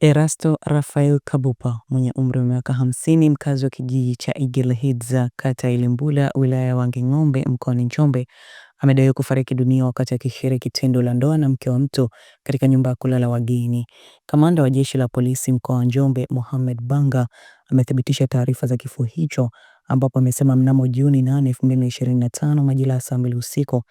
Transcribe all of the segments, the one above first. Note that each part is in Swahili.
Erasto rafael Kabupa mwenye umri wa miaka hamsini mkazi wa kijiji cha Igelehidza kata ya wilaya ya Wanging'ombe mkoani Njombe amedaiwa kufariki dunia wakati akishiriki tendo la ndoa na mke wa mtu katika nyumba ya kulala wageni. Kamanda wa Jeshi la Polisi mkoa wa Njombe Mohamed Banga amethibitisha taarifa za kifo hicho ambapo amesema mnamo Juni 8, 2025 majira ya saa mbili usiku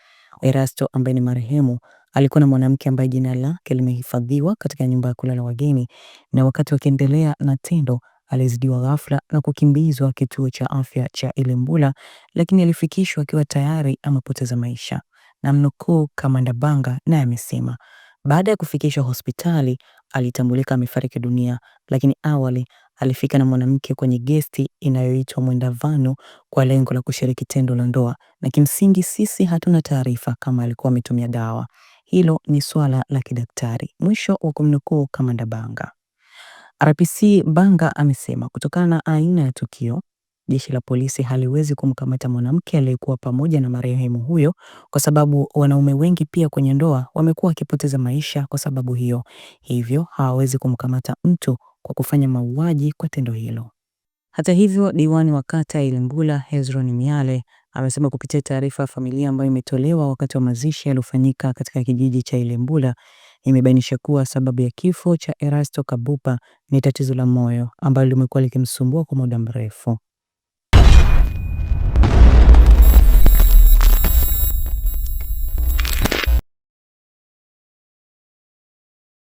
Erasto ambaye ni marehemu Alikuwa na mwanamke ambaye jina lake limehifadhiwa katika nyumba ya kulala wageni, na wakati wakiendelea na tendo alizidiwa ghafla na kukimbizwa kituo cha afya cha Ilembula, lakini alifikishwa akiwa tayari amepoteza maisha. Na mnukuu Kamanda Banga naye amesema baada ya kufikishwa hospitali alitambulika amefariki dunia, lakini awali alifika na mwanamke kwenye gesti inayoitwa Mwenda Vanu kwa lengo la kushiriki tendo la ndoa, na kimsingi sisi hatuna taarifa kama alikuwa ametumia dawa. Hilo ni suala la kidaktari. Mwisho wa kumnukuu Kamanda Banga. RPC Banga amesema kutokana na aina ya tukio, jeshi la polisi haliwezi kumkamata mwanamke aliyekuwa pamoja na marehemu huyo kwa sababu wanaume wengi pia kwenye ndoa wamekuwa wakipoteza maisha kwa sababu hiyo, hivyo hawawezi kumkamata mtu kwa kufanya mauaji kwa tendo hilo. Hata hivyo, diwani wa kata ya Ilembula Hezron Miale amesema kupitia taarifa ya familia ambayo imetolewa wakati wa mazishi yaliyofanyika katika kijiji cha Ilembula imebainisha kuwa sababu ya kifo cha Erasto Kabupa ni tatizo la moyo ambalo limekuwa likimsumbua kwa muda mrefu.